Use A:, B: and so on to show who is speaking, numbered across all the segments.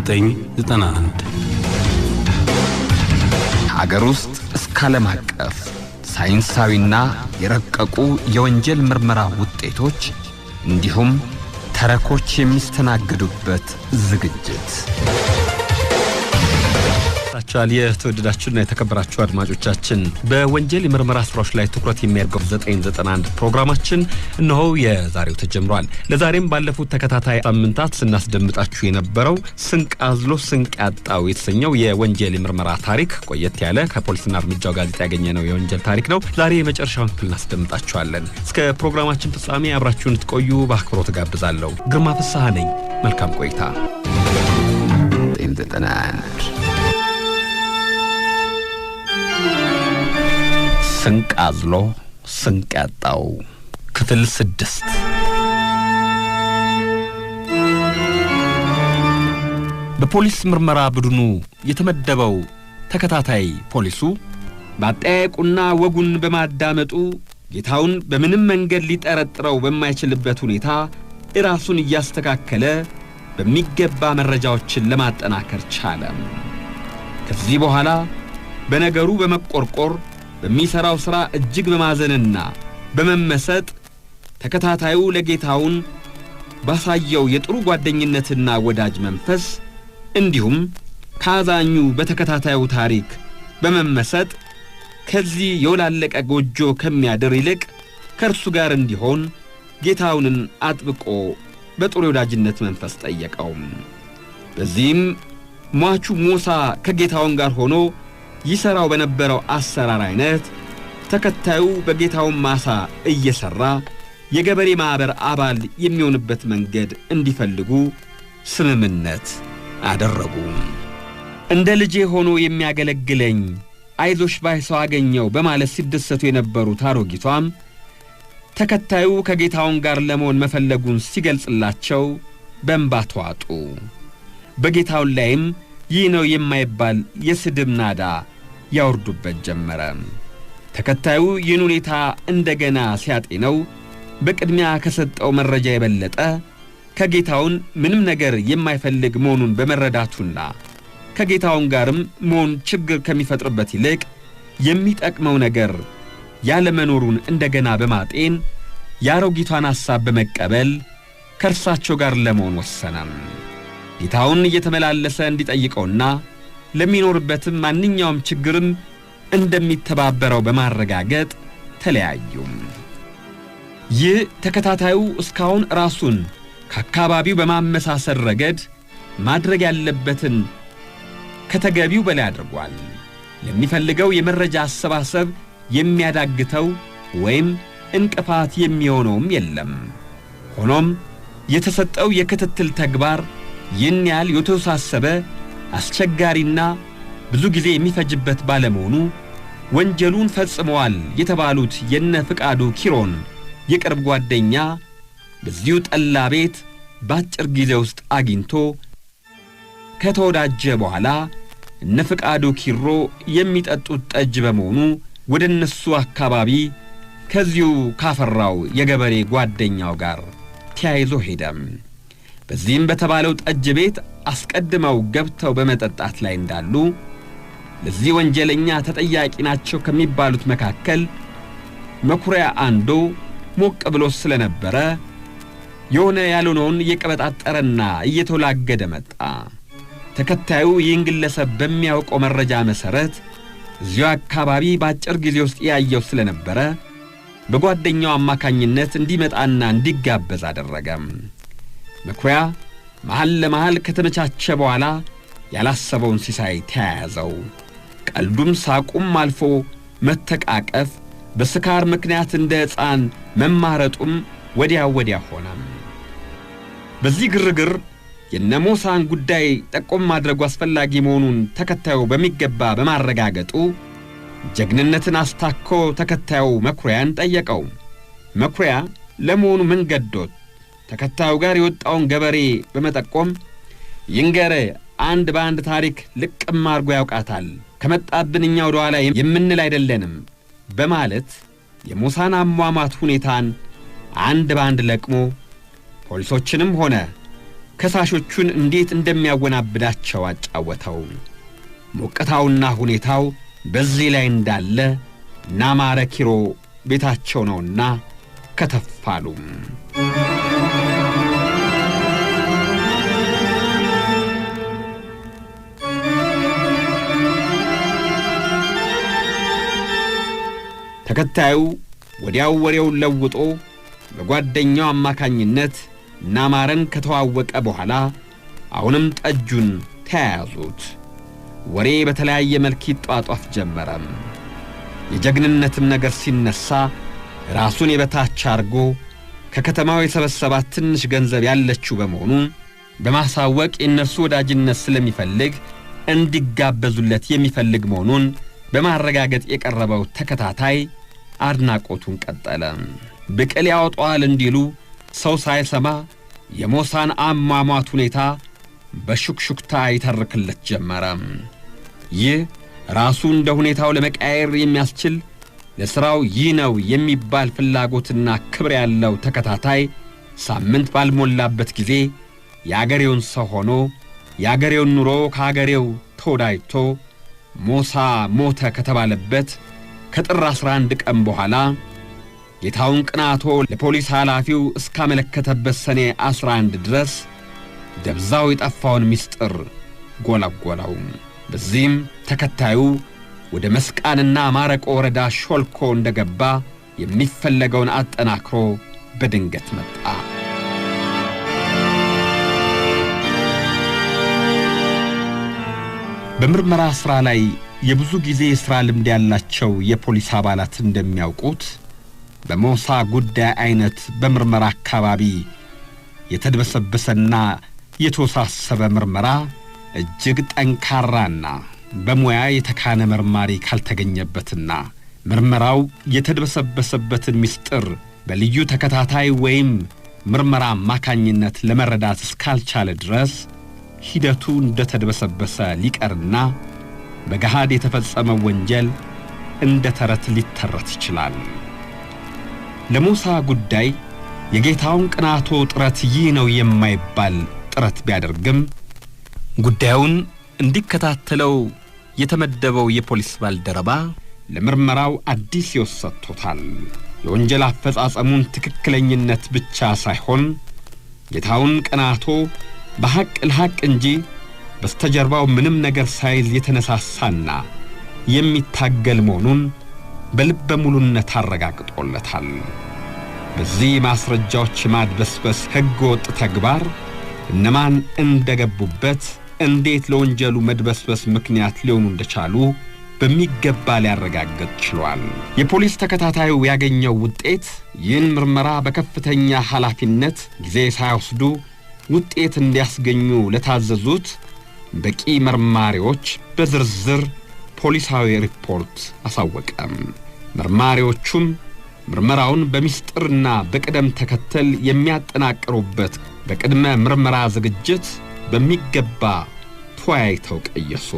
A: 1991 ውስጥ እስከ ዓለም አቀፍ ሳይንሳዊና የረቀቁ የወንጀል ምርመራ ውጤቶች እንዲሁም ተረኮች የሚስተናገዱበት ዝግጅት
B: ተመልሳችኋል። የተወደዳችሁና የተከበራችሁ አድማጮቻችን በወንጀል የምርመራ ስራዎች ላይ ትኩረት የሚያደርገው 991 ፕሮግራማችን እነሆ የዛሬው ተጀምሯል። ለዛሬም ባለፉት ተከታታይ ሳምንታት ስናስደምጣችሁ የነበረው ስንቅ አዝሎ ስንቅ ያጣው የተሰኘው የወንጀል የምርመራ ታሪክ ቆየት ያለ ከፖሊስና እርምጃው ጋዜጣ ያገኘ ነው የወንጀል ታሪክ ነው። ዛሬ የመጨረሻውን ክፍል እናስደምጣችኋለን። እስከ ፕሮግራማችን ፍጻሜ አብራችሁን ትቆዩ በአክብሮ ትጋብዛለሁ ግርማ ፍስሐ ነኝ። መልካም ቆይታ
A: 991 ስንቅ አዝሎ ስንቅ ያጣው ክፍል ስድስት
B: በፖሊስ ምርመራ ቡድኑ የተመደበው ተከታታይ ፖሊሱ በአጠያየቁና ወጉን በማዳመጡ ጌታውን በምንም መንገድ ሊጠረጥረው በማይችልበት ሁኔታ እራሱን እያስተካከለ በሚገባ መረጃዎችን ለማጠናከር ቻለም። ከዚህ በኋላ በነገሩ በመቆርቆር በሚሠራው ሥራ እጅግ በማዘንና በመመሰጥ ተከታታዩ ለጌታውን ባሳየው የጥሩ ጓደኝነትና ወዳጅ መንፈስ እንዲሁም ከአዛኙ በተከታታዩ ታሪክ በመመሰጥ ከዚህ የወላለቀ ጎጆ ከሚያድር ይልቅ ከእርሱ ጋር እንዲሆን ጌታውንን አጥብቆ በጥሩ የወዳጅነት መንፈስ ጠየቀውም። በዚህም ሟቹ ሞሳ ከጌታውን ጋር ሆኖ ይሠራው በነበረው አሰራር አይነት ተከታዩ በጌታውን ማሳ እየሠራ የገበሬ ማኅበር አባል የሚሆንበት መንገድ እንዲፈልጉ ስምምነት አደረጉ። እንደ ልጄ ሆኖ የሚያገለግለኝ አይዞሽ ባይ ሰው አገኘው በማለት ሲደሰቱ የነበሩት አሮጊቷም ተከታዩ ከጌታውን ጋር ለመሆን መፈለጉን ሲገልጽላቸው በእንባ ተዋጡ። በጌታውን ላይም ይህ ነው የማይባል የስድብ ናዳ ያወርዱበት ጀመረ። ተከታዩ ይህን ሁኔታ እንደገና ሲያጤነው በቅድሚያ ከሰጠው መረጃ የበለጠ ከጌታውን ምንም ነገር የማይፈልግ መሆኑን በመረዳቱና ከጌታውን ጋርም መሆን ችግር ከሚፈጥርበት ይልቅ የሚጠቅመው ነገር ያለመኖሩን እንደገና በማጤን የአሮጊቷን ሐሳብ በመቀበል ከእርሳቸው ጋር ለመሆን ወሰነም። ጌታውን እየተመላለሰ እንዲጠይቀውና ለሚኖርበትም ማንኛውም ችግርም እንደሚተባበረው በማረጋገጥ ተለያዩ። ይህ ተከታታዩ እስካሁን ራሱን ከአካባቢው በማመሳሰል ረገድ ማድረግ ያለበትን ከተገቢው በላይ አድርጓል። ለሚፈልገው የመረጃ አሰባሰብ የሚያዳግተው ወይም እንቅፋት የሚሆነውም የለም። ሆኖም የተሰጠው የክትትል ተግባር ይህን ያህል የተወሳሰበ አስቸጋሪና ብዙ ጊዜ የሚፈጅበት ባለመሆኑ ወንጀሉን ፈጽመዋል የተባሉት የነ ፍቃዱ ኪሮን የቅርብ ጓደኛ በዚሁ ጠላ ቤት በአጭር ጊዜ ውስጥ አግኝቶ ከተወዳጀ በኋላ እነ ፍቃዱ ኪሮ የሚጠጡት ጠጅ በመሆኑ ወደ እነሱ አካባቢ ከዚሁ ካፈራው የገበሬ ጓደኛው ጋር ተያይዞ ሄደም። በዚህም በተባለው ጠጅ ቤት አስቀድመው ገብተው በመጠጣት ላይ እንዳሉ ለዚህ ወንጀለኛ ተጠያቂ ናቸው ከሚባሉት መካከል መኩሪያ አንዱ ሞቅ ብሎ ስለነበረ የሆነ ያልሆነውን እየቀበጣጠረና እየተወላገደ መጣ። ተከታዩ ይህን ግለሰብ በሚያውቀው መረጃ መሠረት እዚሁ አካባቢ በአጭር ጊዜ ውስጥ ያየው ስለነበረ በጓደኛው አማካኝነት እንዲመጣና እንዲጋበዝ አደረገም። መኩሪያ መሃል ለመሃል ከተመቻቸ በኋላ ያላሰበውን ሲሳይ ተያያዘው። ቀልዱም ሳቁም አልፎ መተቃቀፍ፣ በስካር ምክንያት እንደ ሕፃን መማረጡም ወዲያ ወዲያ ሆነም። በዚህ ግርግር የነሞሳን ጉዳይ ጠቆም ማድረጉ አስፈላጊ መሆኑን ተከታዩ በሚገባ በማረጋገጡ ጀግንነትን አስታኮ ተከታዩ መኩሪያን ጠየቀው። መኩሪያ ለመሆኑ ምን ገዶት ተከታዩ ጋር የወጣውን ገበሬ በመጠቆም ይንገረ አንድ በአንድ ታሪክ ልቅም አድርጎ ያውቃታል፣ ከመጣብን እኛ ወደ ኋላ የምንል አይደለንም በማለት የሙሳን አሟሟት ሁኔታን አንድ በአንድ ለቅሞ ፖሊሶችንም ሆነ ከሳሾቹን እንዴት እንደሚያወናብዳቸው አጫወተው። ሞቀታውና ሁኔታው በዚህ ላይ እንዳለ ናማረ ኪሮ ቤታቸው ነውና ከተፋሉም። ተከታዩ ወዲያው ወሬውን ለውጦ በጓደኛው አማካኝነት ናማረን ከተዋወቀ በኋላ አሁንም ጠጁን ተያያዙት። ወሬ በተለያየ መልክ ይጧጧፍ ጀመረም። የጀግንነትም ነገር ሲነሳ ራሱን የበታች አርጎ ከከተማው የሰበሰባት ትንሽ ገንዘብ ያለችው በመሆኑ በማሳወቅ የእነርሱ ወዳጅነት ስለሚፈልግ እንዲጋበዙለት የሚፈልግ መሆኑን በማረጋገጥ የቀረበው ተከታታይ አድናቆቱን ቀጠለ። ብቅል ያወጣዋል እንዲሉ ሰው ሳይሰማ የሞሳን አሟሟት ሁኔታ በሹክሹክታ ይተርክለት ጀመረ። ይህ ራሱ እንደ ሁኔታው ለመቃየር የሚያስችል ለሥራው ይህ ነው የሚባል ፍላጎትና ክብር ያለው ተከታታይ ሳምንት ባልሞላበት ጊዜ የአገሬውን ሰው ሆኖ የአገሬውን ኑሮ ከአገሬው ተወዳጅቶ ሞሳ ሞተ ከተባለበት ከጥር 11 ቀን በኋላ ጌታውን ቅናቶ ለፖሊስ ኃላፊው እስካመለከተበት ሰኔ 11 ድረስ ደብዛው የጠፋውን ምስጢር ጎላጎላው። በዚህም ተከታዩ ወደ መስቃንና ማረቆ ወረዳ ሾልኮ እንደገባ የሚፈለገውን አጠናክሮ በድንገት መጣ። በምርመራ ሥራ ላይ የብዙ ጊዜ የሥራ ልምድ ያላቸው የፖሊስ አባላት እንደሚያውቁት በሞሳ ጉዳይ አይነት በምርመራ አካባቢ የተድበሰበሰና የተወሳሰበ ምርመራ እጅግ ጠንካራና በሙያ የተካነ መርማሪ ካልተገኘበትና ምርመራው የተድበሰበሰበትን ምስጢር በልዩ ተከታታይ ወይም ምርመራ አማካኝነት ለመረዳት እስካልቻለ ድረስ ሂደቱ እንደተድበሰበሰ ሊቀርና በገሃድ የተፈጸመ ወንጀል እንደ ተረት ሊተረት ይችላል። ለሙሳ ጉዳይ የጌታውን ቅናቶ ጥረት ይህ ነው የማይባል ጥረት ቢያደርግም ጉዳዩን እንዲከታተለው የተመደበው የፖሊስ ባልደረባ ለምርመራው አዲስ ሕይወት ሰጥቶታል። የወንጀል አፈጻጸሙን ትክክለኝነት ብቻ ሳይሆን ጌታውን ቅናቶ በሐቅ ለሐቅ እንጂ በስተጀርባው ምንም ነገር ሳይዝ የተነሳሳና የሚታገል መሆኑን በልበ ሙሉነት አረጋግጦለታል። በዚህ ማስረጃዎች የማድበስበስ ሕገ ወጥ ተግባር እነማን እንደገቡበት፣ እንዴት ለወንጀሉ መድበስበስ ምክንያት ሊሆኑ እንደቻሉ በሚገባ ሊያረጋግጥ ችሏል። የፖሊስ ተከታታዩ ያገኘው ውጤት ይህን ምርመራ በከፍተኛ ኃላፊነት ጊዜ ሳይወስዱ ውጤት እንዲያስገኙ ለታዘዙት በቂ መርማሪዎች በዝርዝር ፖሊሳዊ ሪፖርት አሳወቀ። መርማሪዎቹም ምርመራውን በምስጢርና በቅደም ተከተል የሚያጠናቅሩበት በቅድመ ምርመራ ዝግጅት በሚገባ ተወያይተው ቀየሱ።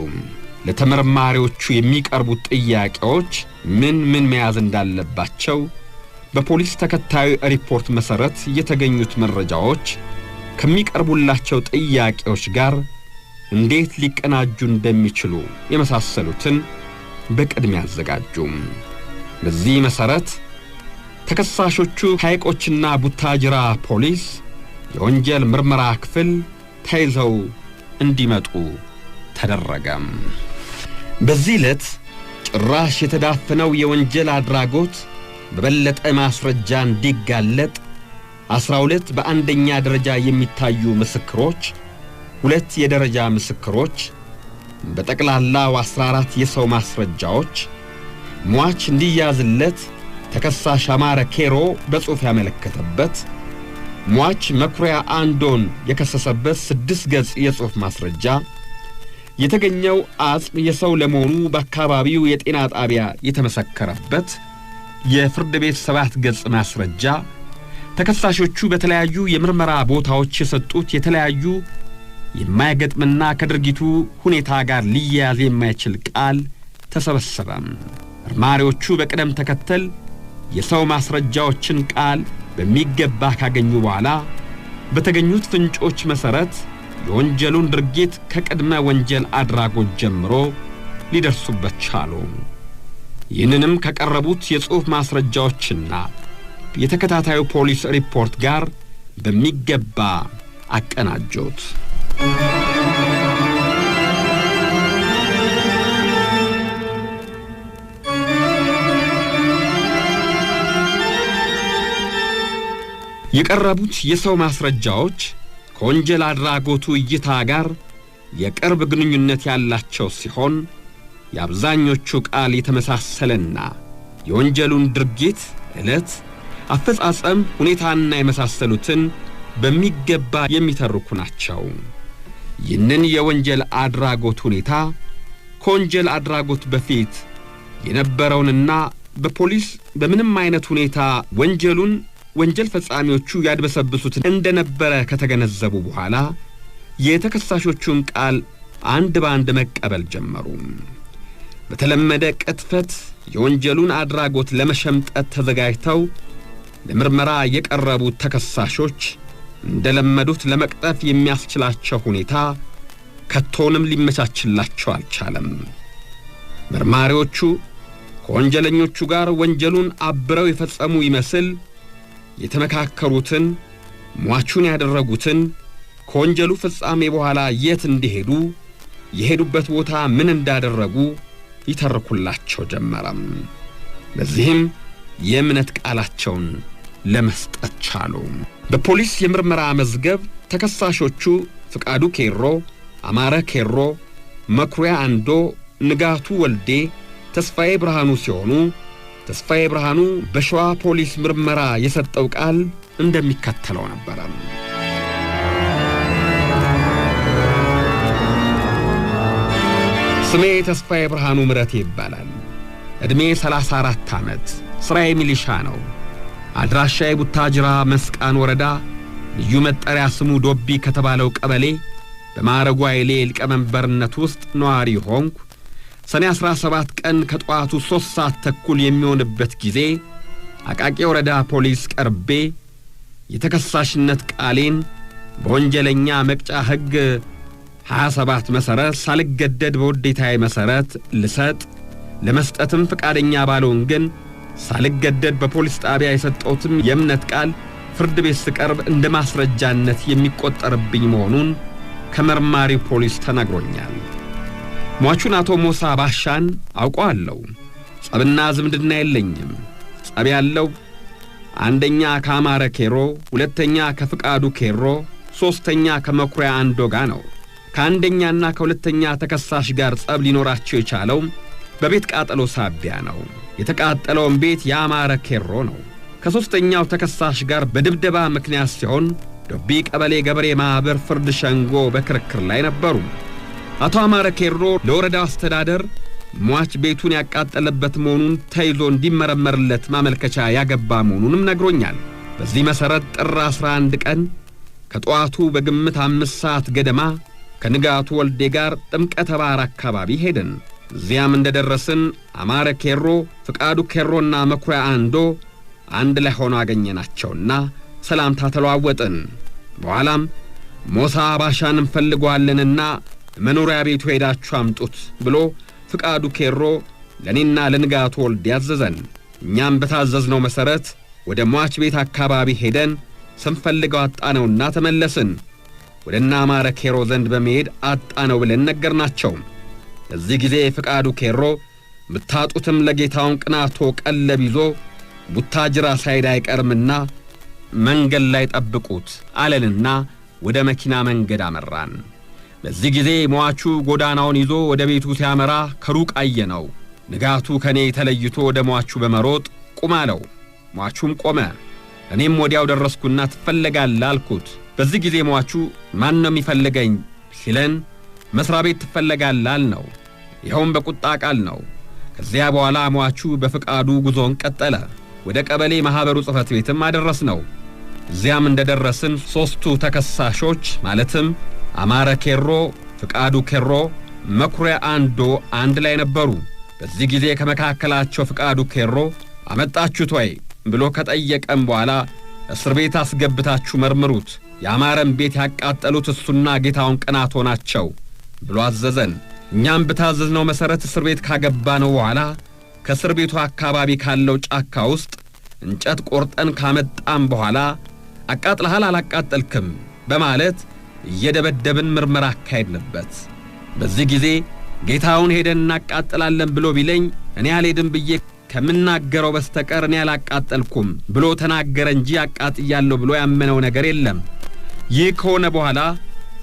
B: ለተመርማሪዎቹ የሚቀርቡት ጥያቄዎች ምን ምን መያዝ እንዳለባቸው በፖሊስ ተከታዩ ሪፖርት መሠረት የተገኙት መረጃዎች ከሚቀርቡላቸው ጥያቄዎች ጋር እንዴት ሊቀናጁ እንደሚችሉ የመሳሰሉትን በቅድሚያ አዘጋጁም በዚህ መሠረት ተከሳሾቹ ሐይቆችና ቡታጅራ ፖሊስ የወንጀል ምርመራ ክፍል ተይዘው እንዲመጡ ተደረገም። በዚህ ዕለት ጭራሽ የተዳፈነው የወንጀል አድራጎት በበለጠ ማስረጃ እንዲጋለጥ አስራ ሁለት በአንደኛ ደረጃ የሚታዩ ምስክሮች ሁለት የደረጃ ምስክሮች፣ በጠቅላላው 14 የሰው ማስረጃዎች ሟች እንዲያዝለት ተከሳሽ አማረ ኬሮ በጽሑፍ ያመለከተበት ሟች መኩሪያ አንዶን የከሰሰበት ስድስት ገጽ የጽሑፍ ማስረጃ የተገኘው አጽም የሰው ለመሆኑ በአካባቢው የጤና ጣቢያ የተመሰከረበት የፍርድ ቤት ሰባት ገጽ ማስረጃ ተከሳሾቹ በተለያዩ የምርመራ ቦታዎች የሰጡት የተለያዩ የማይገጥምና ከድርጊቱ ሁኔታ ጋር ሊያያዝ የማይችል ቃል ተሰበሰበም። መርማሪዎቹ በቅደም ተከተል የሰው ማስረጃዎችን ቃል በሚገባ ካገኙ በኋላ በተገኙት ፍንጮች መሠረት የወንጀሉን ድርጊት ከቅድመ ወንጀል አድራጎት ጀምሮ ሊደርሱበት ቻሉ። ይህንንም ከቀረቡት የጽሑፍ ማስረጃዎችና የተከታታዩ ፖሊስ ሪፖርት ጋር በሚገባ አቀናጆት። የቀረቡት የሰው ማስረጃዎች ከወንጀል አድራጎቱ እይታ ጋር የቅርብ ግንኙነት ያላቸው ሲሆን የአብዛኞቹ ቃል የተመሳሰለና የወንጀሉን ድርጊት ዕለት፣ አፈጻጸም፣ ሁኔታና የመሳሰሉትን በሚገባ የሚተርኩ ናቸው። ይህንን የወንጀል አድራጎት ሁኔታ ከወንጀል አድራጎት በፊት የነበረውንና በፖሊስ በምንም አይነት ሁኔታ ወንጀሉን ወንጀል ፈጻሚዎቹ ያድበሰብሱትን እንደነበረ ከተገነዘቡ በኋላ የተከሳሾቹን ቃል አንድ በአንድ መቀበል ጀመሩ። በተለመደ ቅጥፈት የወንጀሉን አድራጎት ለመሸምጠት ተዘጋጅተው ለምርመራ የቀረቡት ተከሳሾች እንደለመዱት ለመቅጠፍ የሚያስችላቸው ሁኔታ ከቶንም ሊመቻችላቸው አልቻለም። መርማሪዎቹ ከወንጀለኞቹ ጋር ወንጀሉን አብረው የፈጸሙ ይመስል የተመካከሩትን ሟቹን ያደረጉትን ከወንጀሉ ፍጻሜ በኋላ የት እንዲሄዱ የሄዱበት ቦታ ምን እንዳደረጉ ይተርኩላቸው ጀመረም። በዚህም የእምነት ቃላቸውን ለመስጠት ቻሉም። በፖሊስ የምርመራ መዝገብ ተከሳሾቹ ፍቃዱ ኬሮ፣ አማረ ኬሮ፣ መኩሪያ አንዶ፣ ንጋቱ ወልዴ፣ ተስፋዬ ብርሃኑ ሲሆኑ ተስፋዬ ብርሃኑ በሸዋ ፖሊስ ምርመራ የሰጠው ቃል እንደሚከተለው ነበረ። ስሜ ተስፋዬ ብርሃኑ ምረቴ ይባላል። ዕድሜ 34 ዓመት። ሥራዬ ሚሊሻ ነው። አድራሻ የቡታጅራ መስቃን ወረዳ ልዩ መጠሪያ ስሙ ዶቢ ከተባለው ቀበሌ በማዕረጉ ኃይሌ ሊቀመንበርነት ውስጥ ነዋሪ ሆንኩ። ሰኔ 17 ቀን ከጠዋቱ ሦስት ሰዓት ተኩል የሚሆንበት ጊዜ አቃቂ ወረዳ ፖሊስ ቀርቤ የተከሳሽነት ቃሌን በወንጀለኛ መቅጫ ሕግ 27 መሠረት ሳልገደድ በውዴታዬ መሠረት ልሰጥ ለመስጠትም ፈቃደኛ ባለውን ግን ሳልገደድ በፖሊስ ጣቢያ የሰጠሁትም የእምነት ቃል ፍርድ ቤት ስቀርብ እንደ ማስረጃነት የሚቆጠርብኝ መሆኑን ከመርማሪ ፖሊስ ተነግሮኛል። ሟቹን አቶ ሞሳ ባሻን አውቀዋለሁ። ጸብና ዝምድና የለኝም። ጸብ ያለው አንደኛ ከአማረ ኬሮ፣ ሁለተኛ ከፍቃዱ ኬሮ፣ ሦስተኛ ከመኩሪያ አንዶ ጋ ነው። ከአንደኛና ከሁለተኛ ተከሳሽ ጋር ጸብ ሊኖራቸው የቻለው በቤት ቃጠሎ ሳቢያ ነው። የተቃጠለውን ቤት ያማረ ኬሮ ነው። ከሦስተኛው ተከሳሽ ጋር በድብደባ ምክንያት ሲሆን ዶቢ ቀበሌ ገበሬ ማኅበር ፍርድ ሸንጎ በክርክር ላይ ነበሩ። አቶ አማረ ኬሮ ለወረዳው አስተዳደር ሟች ቤቱን ያቃጠለበት መሆኑን ተይዞ እንዲመረመርለት ማመልከቻ ያገባ መሆኑንም ነግሮኛል። በዚህ መሠረት ጥር 11 ቀን ከጠዋቱ በግምት አምስት ሰዓት ገደማ ከንጋቱ ወልዴ ጋር ጥምቀተ ባህር አካባቢ ሄደን እዚያም እንደ ደረስን አማረ ኬሮ፣ ፍቃዱ ኬሮና መኩሪያ አንዶ አንድ ላይ ሆኖ አገኘናቸውና ሰላምታ ተለዋወጥን። በኋላም ሞሳ አባሻን እንፈልገዋለንና መኖሪያ ቤቱ ሄዳችሁ አምጡት ብሎ ፍቃዱ ኬሮ ለእኔና ለንጋቱ ወልድ ያዘዘን። እኛም በታዘዝነው መሠረት ወደ ሟች ቤት አካባቢ ሄደን ስንፈልገው አጣነውና ተመለስን። ወደ እነ አማረ ኬሮ ዘንድ በመሄድ አጣነው ብለን ነገርናቸውም። በዚህ ጊዜ ፍቃዱ ኬሮ ምታጡትም ለጌታውን ቅናቶ ቀለብ ይዞ ቡታጅራ ሳይድ አይቀርምና መንገድ ላይ ጠብቁት አለንና ወደ መኪና መንገድ አመራን። በዚህ ጊዜ ሟቹ ጎዳናውን ይዞ ወደ ቤቱ ሲያመራ ከሩቅ አየነው። ንጋቱ ከእኔ ተለይቶ ወደ ሟቹ በመሮጥ ቁም አለው። ሟቹም ቆመ። እኔም ወዲያው ደረስኩና ትፈለጋለህ አልኩት። በዚህ ጊዜ ሟቹ ማን ነው የሚፈልገኝ ሲለን መስሪያ ቤት ትፈለጋላል ነው። ይኸውም በቁጣ ቃል ነው። ከዚያ በኋላ ሟቹ በፍቃዱ ጉዞን ቀጠለ። ወደ ቀበሌ ማኅበሩ ጽሕፈት ቤትም አደረስ ነው። እዚያም እንደ ደረስን ሦስቱ ተከሳሾች ማለትም አማረ ኬሮ፣ ፍቃዱ ኬሮ፣ መኩሪያ አንዶ አንድ ላይ ነበሩ። በዚህ ጊዜ ከመካከላቸው ፍቃዱ ኬሮ አመጣችሁት ወይ ብሎ ከጠየቀም በኋላ እስር ቤት አስገብታችሁ መርምሩት፣ የአማረን ቤት ያቃጠሉት እሱና ጌታውን ቀናቶ ናቸው ብሎ አዘዘን። እኛም በታዘዝነው መሠረት እስር ቤት ካገባነው በኋላ ከእስር ቤቱ አካባቢ ካለው ጫካ ውስጥ እንጨት ቆርጠን ካመጣም በኋላ አቃጥልሃል አላቃጠልክም በማለት እየደበደብን ምርመራ አካሄድንበት። በዚህ ጊዜ ጌታውን ሄደን እናቃጥላለን ብሎ ቢለኝ እኔ አልሄድም ብዬ ከምናገረው በስተቀር እኔ አላቃጠልኩም ብሎ ተናገረ እንጂ አቃጥያለሁ ብሎ ያመነው ነገር የለም። ይህ ከሆነ በኋላ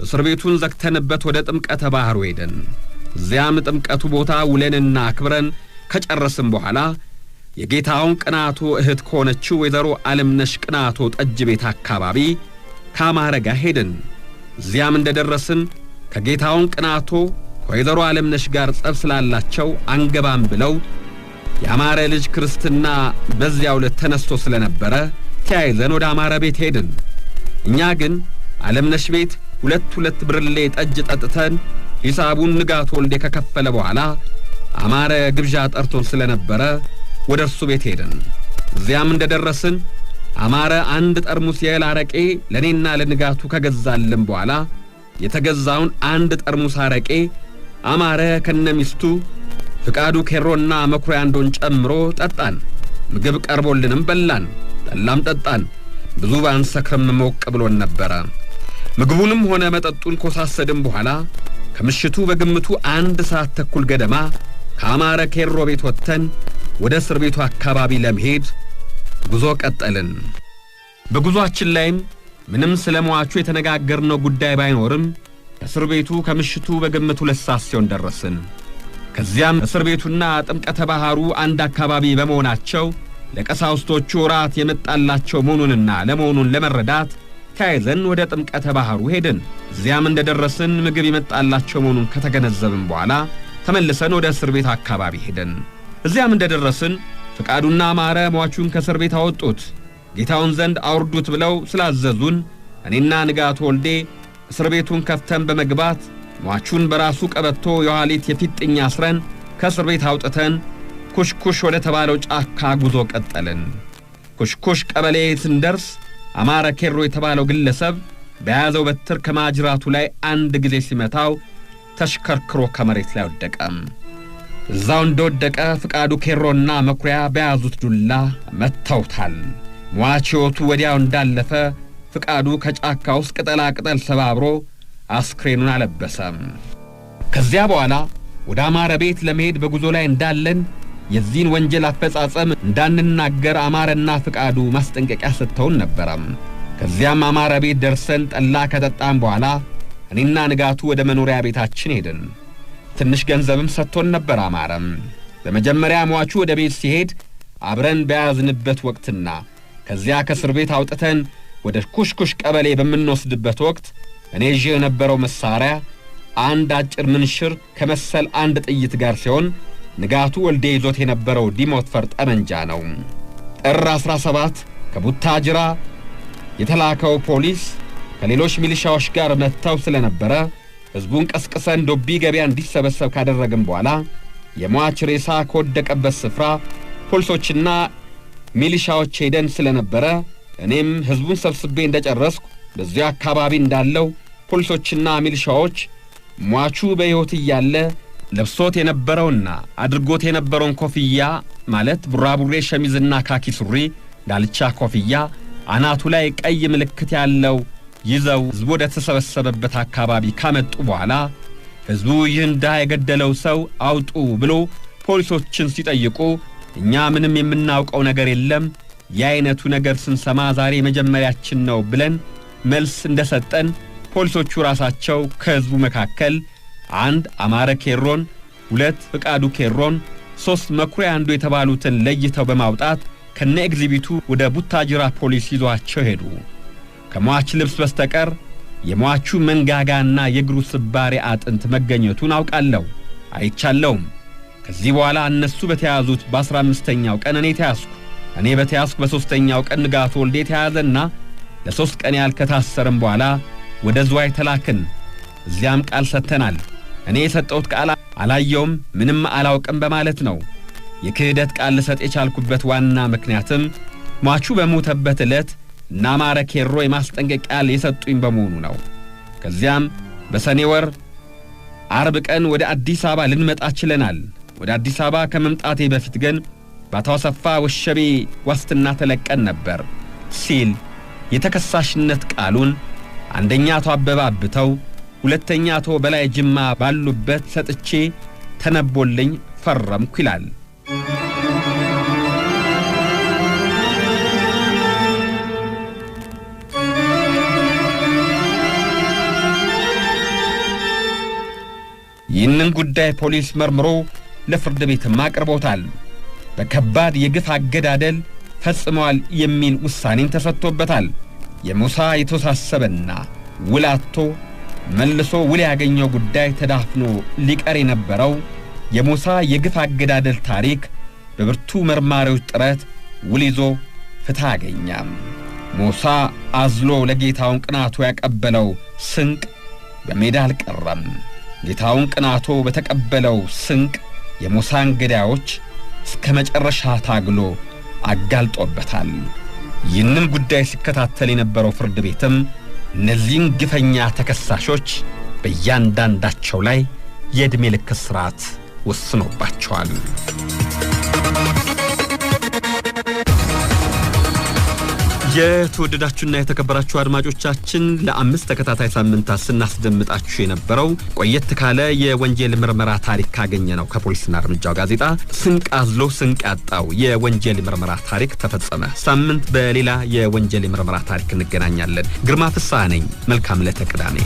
B: እስር ቤቱን ዘግተንበት ወደ ጥምቀተ ባሕሩ ሄደን እዚያም ጥምቀቱ ቦታ ውለንና አክብረን ከጨረስም በኋላ የጌታውን ቅናቶ እህት ከሆነችው ወይዘሮ አለምነሽ ቅናቶ ጠጅ ቤት አካባቢ ከአማረ ጋር ሄድን። እዚያም እንደ ደረስን ከጌታውን ቅናቶ ከወይዘሮ አለምነሽ ጋር ጸብ ስላላቸው አንገባም ብለው የአማረ ልጅ ክርስትና በዚያ ዕለት ተነስቶ ስለነበረ ተያይዘን ወደ አማረ ቤት ሄድን። እኛ ግን አለምነሽ ቤት ሁለት ሁለት ብርሌ ጠጅ ጠጥተን ሂሳቡን ንጋት ወልዴ ከከፈለ በኋላ አማረ ግብዣ ጠርቶን ስለነበረ ወደ እርሱ ቤት ሄደን እዚያም እንደደረስን አማረ አንድ ጠርሙስ የእህል አረቄ ለእኔና ለንጋቱ ከገዛልን በኋላ የተገዛውን አንድ ጠርሙስ አረቄ አማረ ከነ ሚስቱ ፍቃዱ ኬሮና መኩሪያ አንዶን ጨምሮ ጠጣን። ምግብ ቀርቦልንም በላን፣ ጠላም ጠጣን። ብዙ ባንሰክርም ሞቅ ብሎን ነበረ። ምግቡንም ሆነ መጠጡን ኮሳሰድም በኋላ ከምሽቱ በግምቱ አንድ ሰዓት ተኩል ገደማ ከአማረ ኬሮ ቤት ወጥተን ወደ እስር ቤቱ አካባቢ ለመሄድ ጉዞ ቀጠልን። በጉዞአችን ላይም ምንም ስለ ሟቹ የተነጋገርነው ጉዳይ ባይኖርም እስር ቤቱ ከምሽቱ በግምቱ ሁለት ሰዓት ሲሆን ደረስን። ከዚያም እስር ቤቱና ጥምቀተ ባሕሩ አንድ አካባቢ በመሆናቸው ለቀሳውስቶቹ ራት የመጣላቸው መሆኑንና ለመሆኑን ለመረዳት ተያይዘን ወደ ጥምቀተ ባህሩ ሄድን። እዚያም እንደደረስን ምግብ የመጣላቸው መሆኑን ከተገነዘብን በኋላ ተመልሰን ወደ እስር ቤት አካባቢ ሄደን እዚያም እንደደረስን ፍቃዱና ማረ ሟቹን ከእስር ቤት አወጡት፣ ጌታውን ዘንድ አውርዱት ብለው ስላዘዙን እኔና ንጋቱ ወልዴ እስር ቤቱን ከፍተን በመግባት ሟቹን በራሱ ቀበቶ የኋሊት የፊት ጥኝ አስረን ከእስር ቤት አውጥተን ኩሽኩሽ ወደ ተባለው ጫካ ጉዞ ቀጠልን። ኩሽኩሽ ቀበሌ ስንደርስ አማረ ኬሮ የተባለው ግለሰብ በያዘው በትር ከማጅራቱ ላይ አንድ ጊዜ ሲመታው ተሽከርክሮ ከመሬት ላይ ወደቀ። እዛው እንደወደቀ ፍቃዱ ኬሮና መኩሪያ በያዙት ዱላ መተውታል። ሟች ሕይወቱ ወዲያው እንዳለፈ ፍቃዱ ከጫካ ውስጥ ቅጠላ ቅጠል ሰባብሮ አስክሬኑን አለበሰ። ከዚያ በኋላ ወደ አማረ ቤት ለመሄድ በጉዞ ላይ እንዳለን የዚህን ወንጀል አፈጻጸም እንዳንናገር አማረና ፍቃዱ ማስጠንቀቂያ ሰጥተውን ነበረም። ከዚያም አማረ ቤት ደርሰን ጠላ ከጠጣም በኋላ እኔና ንጋቱ ወደ መኖሪያ ቤታችን ሄድን። ትንሽ ገንዘብም ሰጥቶን ነበር አማረም። በመጀመሪያ ሟቹ ወደ ቤት ሲሄድ አብረን በያዝንበት ወቅትና ከዚያ ከእስር ቤት አውጥተን ወደ ኩሽኩሽ ቀበሌ በምንወስድበት ወቅት እኔ ይዤ የነበረው መሳሪያ አንድ አጭር ምንሽር ከመሰል አንድ ጥይት ጋር ሲሆን ንጋቱ ወልዴ ይዞት የነበረው ዲሞትፈር ጠመንጃ ነው። ጥር 17 ከቡታጅራ የተላከው ፖሊስ ከሌሎች ሚሊሻዎች ጋር መጥተው ስለነበረ ሕዝቡን ቀስቅሰን ዶቢ ገበያ እንዲሰበሰብ ካደረግን በኋላ የሟች ሬሳ ከወደቀበት ስፍራ ፖሊሶችና ሚሊሻዎች ሄደን ስለነበረ እኔም ሕዝቡን ሰብስቤ እንደጨረስኩ በዚያ አካባቢ እንዳለው ፖሊሶችና ሚሊሻዎች ሟቹ በሕይወት እያለ ለብሶት የነበረውና አድርጎት የነበረውን ኮፍያ ማለት ቡራቡሬ ሸሚዝና ካኪ ሱሪ፣ ዳልቻ ኮፍያ አናቱ ላይ ቀይ ምልክት ያለው ይዘው ሕዝቡ ወደ ተሰበሰበበት አካባቢ ካመጡ በኋላ ሕዝቡ ይህን ድሃ የገደለው ሰው አውጡ ብሎ ፖሊሶችን ሲጠይቁ እኛ ምንም የምናውቀው ነገር የለም የአይነቱ ነገር ስንሰማ ዛሬ መጀመሪያችን ነው ብለን መልስ እንደሰጠን ፖሊሶቹ ራሳቸው ከሕዝቡ መካከል አንድ አማረ ኬሮን፣ ሁለት ፍቃዱ ኬሮን፣ ሦስት መኩሪያ አንዱ የተባሉትን ለይተው በማውጣት ከነ ኤግዚቢቱ ወደ ቡታጅራ ፖሊስ ይዟቸው ሄዱ። ከሟች ልብስ በስተቀር የሟቹ መንጋጋና የእግሩ ስባሪ አጥንት መገኘቱን አውቃለሁ፣ አይቻለውም። ከዚህ በኋላ እነሱ በተያዙት በአስራ አምስተኛው ቀን እኔ ተያዝኩ። እኔ በተያዝኩ በሦስተኛው ቀን ንጋቱ ወልዴ ተያዘና ለሦስት ቀን ያህል ከታሰርም በኋላ ወደ ዝዋይ ተላክን። እዚያም ቃል ሰጥተናል። እኔ የሰጠሁት ቃል አላየውም፣ ምንም አላውቅም በማለት ነው። የክህደት ቃል ልሰጥ የቻልኩበት ዋና ምክንያትም ሟቹ በሞተበት ዕለት እና ማረ ኬሮ የማስጠንቀቅ ቃል የሰጡኝ በመሆኑ ነው። ከዚያም በሰኔ ወር አርብ ቀን ወደ አዲስ አበባ ልንመጣ ችለናል። ወደ አዲስ አበባ ከመምጣቴ በፊት ግን በአቶ አሰፋ ወሸቤ ዋስትና ተለቀን ነበር ሲል የተከሳሽነት ቃሉን አንደኛ አቶ አበባ አብተው ሁለተኛ አቶ በላይ ጅማ ባሉበት ሰጥቼ ተነቦልኝ ፈረምኩ ይላል። ይህንን ጉዳይ ፖሊስ መርምሮ ለፍርድ ቤትም አቅርቦታል። በከባድ የግፍ አገዳደል ፈጽመዋል የሚል ውሳኔም ተሰጥቶበታል። የሙሳ የተወሳሰበና ውላቶ መልሶ ውል ያገኘው ጉዳይ ተዳፍኖ ሊቀር የነበረው የሞሳ የግፍ አገዳደል ታሪክ በብርቱ መርማሪዎች ጥረት ውል ይዞ ፍትሕ አገኛም። ሞሳ አዝሎ ለጌታውን ቅናቶ ያቀበለው ስንቅ በሜዳ አልቀረም። ጌታውን ቅናቶ በተቀበለው ስንቅ የሞሳን ገዳዮች እስከ መጨረሻ ታግሎ አጋልጦበታል። ይህንም ጉዳይ ሲከታተል የነበረው ፍርድ ቤትም እነዚህን ግፈኛ ተከሳሾች በእያንዳንዳቸው ላይ የዕድሜ ልክ እስራት ወስኖባቸዋል። የተወደዳችሁና የተከበራችሁ አድማጮቻችን ለአምስት ተከታታይ ሳምንታት ስናስደምጣችሁ የነበረው ቆየት ካለ የወንጀል ምርመራ ታሪክ ካገኘ ነው ከፖሊስና እርምጃው ጋዜጣ ስንቅ አዝሎ ስንቅ ያጣው የወንጀል ምርመራ ታሪክ ተፈጸመ። ሳምንት በሌላ የወንጀል ምርመራ ታሪክ እንገናኛለን። ግርማ ፍሳ ነኝ። መልካም ዕለተ ቅዳሜ።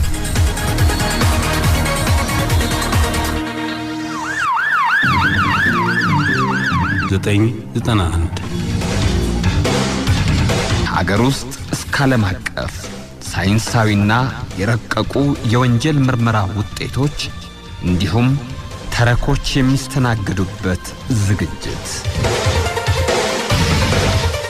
A: ዘጠኝ ዘጠና አንድ ከአገር ውስጥ እስከ ዓለም አቀፍ ሳይንሳዊና የረቀቁ የወንጀል ምርመራ ውጤቶች እንዲሁም ተረኮች የሚስተናገዱበት ዝግጅት